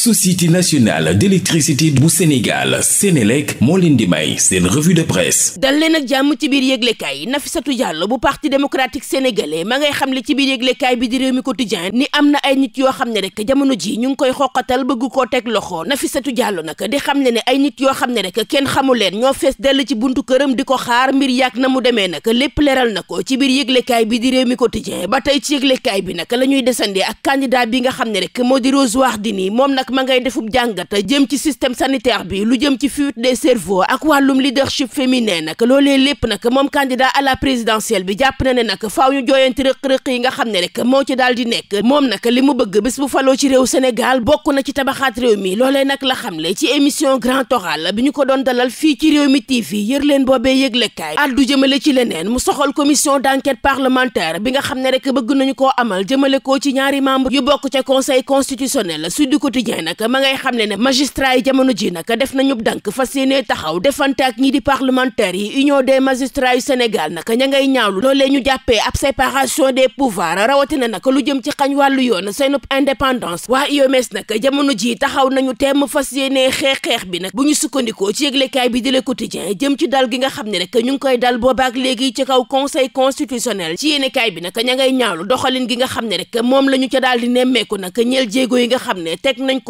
société nationale d'électricité bu Sénégal Sénélec moo leen di may seen revue de presse dal jàmm ci biir yëglekaay Nafissatou Diallo bu parti démocratique sénégalais ma ngay xam le ci biir yëglekaay bi di réew mi ni am na ay nit yoo xam ne rek jamono ji ñu ngi koy xoqatal bëgg koo teg loxo Nafissatou Diallo nag di xam ne ne ay nit yoo xam ne rek kenn xamu leen ñoo fees dell ci buntu këram di ko xaar mbir yàgg na mu demee nag lépp leeral na ko ci biir yëglekaay bi di réew mi quotidien ba tey ci yëglekaay bi nag la ñuy desandi ak candidat bi nga xam ne rek moo di Rose Wardini moom nag ma ngay defub jàngat jëm ci système sanitaire bi lu jëm ci fuite des cerveaux ak wàllum leadership féminin nag loolee lépp nag moom candidat à la présidentielle bi jàpp na ne nag faaw ñu jooyanti rëq-rëq yi nga xam ne rek moo ci daal di nekk moom nag li mu bëgg bés bu faloo ci réew Sénégal bokk na ci tabaxaat réew mi loolee nag la xam xamle ci émission Grand Oral bi ñu ko doon dalal fii ci réew mi TV yër leen boobee yëglekaay addu jëmale ci leneen mu soxal commission d'enquête parlementaire bi nga xam ne rek bëgg nañu koo amal jëmale ko ci ñaari membre yu bokk ca conseil constitutionnel Sud Quotidien Quotidien nag ma ngay xam ne ne magistrat yi jamono ji nag def nañu dank fas yéene taxaw defante ak ñi di parlementaires yi union des magistrats yu Sénégal nag ña ngay ñaawlu loolee ñu jàppee ab séparation des pouvoirs rawatina nag lu jëm ci xañ wàllu yoon seen indépendance waa UMS nag jamono ji taxaw nañu temm fas yéene xeex-xeex bi nag bu ñu di ci dal gi nga xam ne rek ñu ngi koy dal boobaak léegi ci kaw conseil constitutionnel ci yéenekaay bi nag ña ngay ñaawlu doxalin gi nga xam ne rek moom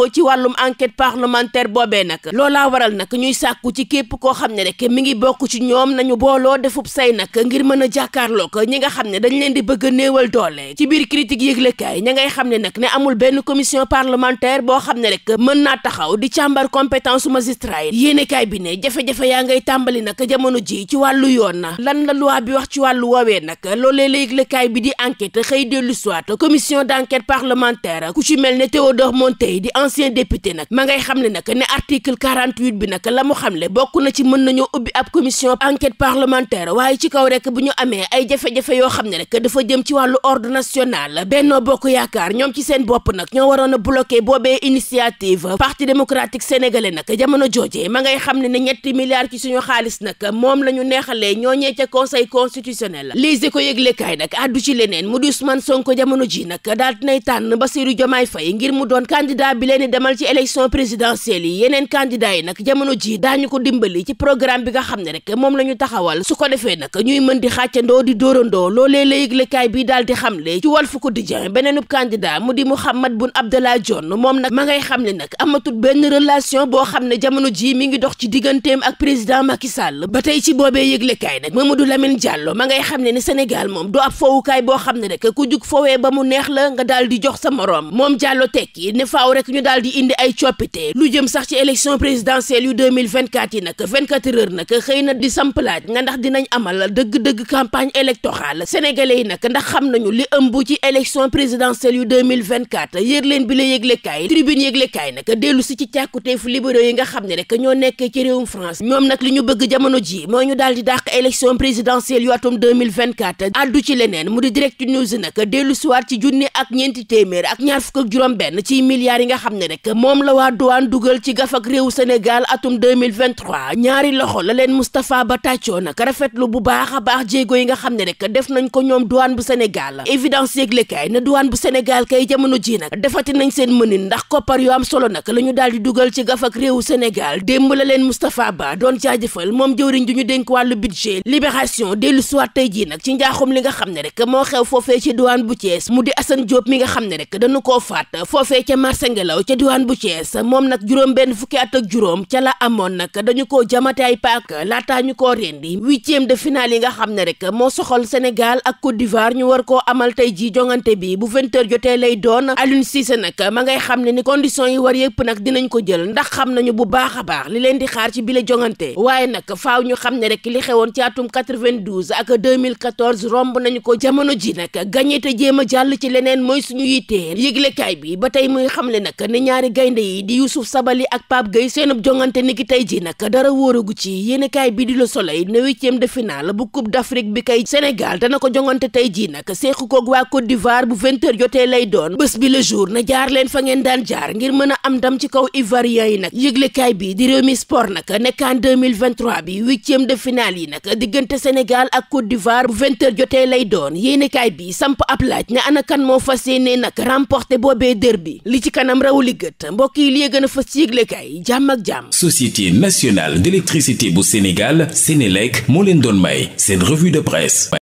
ko ci wàllum enquête parlementaire boobee nag loolaa waral nag ñuy sàkku ci képp koo xam ne rek mi ngi bokk ci ñoom nañu booloo defub say nag ngir mën a jàkkaarloo ko ñi nga xam ne dañ leen di bëgg a néewal doole ci biir critique yëglekaay ña ngay xam ne nag ne amul benn commission parlementaire boo xam ne rek mën naa taxaw di càmbar compétence su magistrat yi yéenekaay bi ne jafe-jafe yaa ngay tàmbali nag jamono ji ci wàllu yoon na lan la loi bi wax ci wàllu woowee nag loolee la yëglekaay bi di enquête xëy dellu soit commission d'enquête parlementaire ku ancien député nag ma ngay xam ne nag ne article 48 bi nag la mu xam le bokk na ci mën nañoo ubbi ab commission enquête parlementaire waaye ci kaw rek bu ñu amee ay jafe-jafe yoo xam ne rek dafa jëm ci wàllu ordre national Benno Bokk Yaakaar ñoom ci seen bopp nag ñoo waroon a bloqué boobee initiative parti démocratique sénégalais nag jamono jooje ma ngay xam ne ne ñetti milliards ci suñu xaalis nag moom la ñu neexalee ñoo ñee ca conseil constitutionnel Les Échos yëglekaay nag àddu ci leneen mu di Ousmane Sonko jamono ji nag daal dinay tànn Bassirou Diomaye Faye ngir mu doon candidat bi leen leen di demal ci élection présidentielle yi yeneen candidat yi nag jamono ji daañu ko dimbali ci programme bi nga xam ne rek moom la ñu taxawal su ko defee nag ñuy mën di xàccandoo di dóorandoo loolee la yëglekaay bi daal di xamle ci Walf Quotidien beneenub candidat mu di Mouhamed Boun Abdallah Dionne moom nag ma ngay xam ne nag amatul benn relation boo xam ne jamono ji mi ngi dox ci digganteem ak président Macky Sall ba tey ci boobee yëglekaay nag Mamadou Lamine Diallo ma ngay xam ne ni Sénégal moom du ab foowukaay boo xam ne rek ku jug foowee ba mu neex la nga daal di jox sa moroom daal indi ay coppite lu jëm sax ci élection présidentielle yu 2024 yi nag 24 heures nag xëy na di sampalaaj nga ndax dinañ amal dëgg-dëgg campagne électorale sénégalais yi nag ndax xam nañu li ëmb ci élection présidentielle yu 2024 yër leen bi la yëglekaay tribune yëglekaay nag dellu si ci càkkuteefu libéraux yi nga xam ne rek ñoo nekkee ci réewum France ñoom nag li ñu bëgg jamono ji moo ñu daal di dàq élection présidentielle yu atum 2024 addu ci leneen mu di direct news nag dellu siwaat ci junni ak ñeenti téeméer ak ñaar fukk ak benn ci milliards yi nga xam ne rek moom la waa douane dugal ci gafak réewu Sénégal atum 2023 ñaari loxo la leen Moustapha Ba tàccoo nag rafetlu bu baax a baax jéego yi nga xam ne rek def nañ ko ñoom douane bu Sénégal évidence yëglekaay na douane bu Sénégal kay jamono ji nag defati nañ seen mënin ndax koppar yu am solo nag la ñu daal di dugal ci gafak réewu Sénégal démb la leen Moustapha Ba doon jaajëfal moom jëwriñ ju ñu dénk wàllu budget libération dellu siwaat tey jii nag ci njaaxum li nga xam ne rek moo xew foofee ci douane bu Thiès mu di Assane Diop mi nga xam ne rek dañu koo faat foofee ca marché ngelaw xew ca diwaan bu Thiès moom nag juróom benn fukki at ak juróom ca la amoon nag dañu koo jamate ay paak laataa ñu koo rendi huitième de finale yi nga xam ne rek moo soxal Sénégal ak Côte d'Ivoire ñu war koo amal tey ji jongante bi bu vingt jotee lay doon Aliou Cissé nag ma ngay xam ne ni conditions yi war yëpp nag dinañ ko jël ndax xam nañu bu baax a baax li leen di xaar ci bile jongante waaye nag faaw ñu xam ne rek li xewoon ci atum 92 ak 2014 romb nañu ko jamono ji nag gagné te jéem a jàll ci leneen mooy suñu yittee yëglekaay bi ba tey muy xamle nag ne ñaari gaynde yi di Youssouf Sabali ak Pape Gueye seenub jongante ki tey ji nag dara wóoragu ci yéenekaay bi di Le Soleil ne huitième de finale bu Coupe d'Afrique bi kay Sénégal dana ko jongante tey ji nag seequ koog waa Côte d'Ivoire bu vingt jotee lay doon bés bi le jour na jaar leen fa ngeen daan jaar ngir mën a am ndam ci kaw Ivoirien yi nag yëglekaay bi di Rewmi Sport nag nekkaan 2023 bi huitième de finale yi nag diggante Sénégal ak Côte d'Ivoire bu vingt jotee lay doon yéenekaay bi samp ab laaj ne ana kan moo fas yéene nag remporter boobe derby li ci kanam xawli gët mbokk yi li gën a fa ci yëglekaay jàmm ak jàmm société nationale d'électricité bu Sénégal Sénélec moo leen doon may seen revue de presse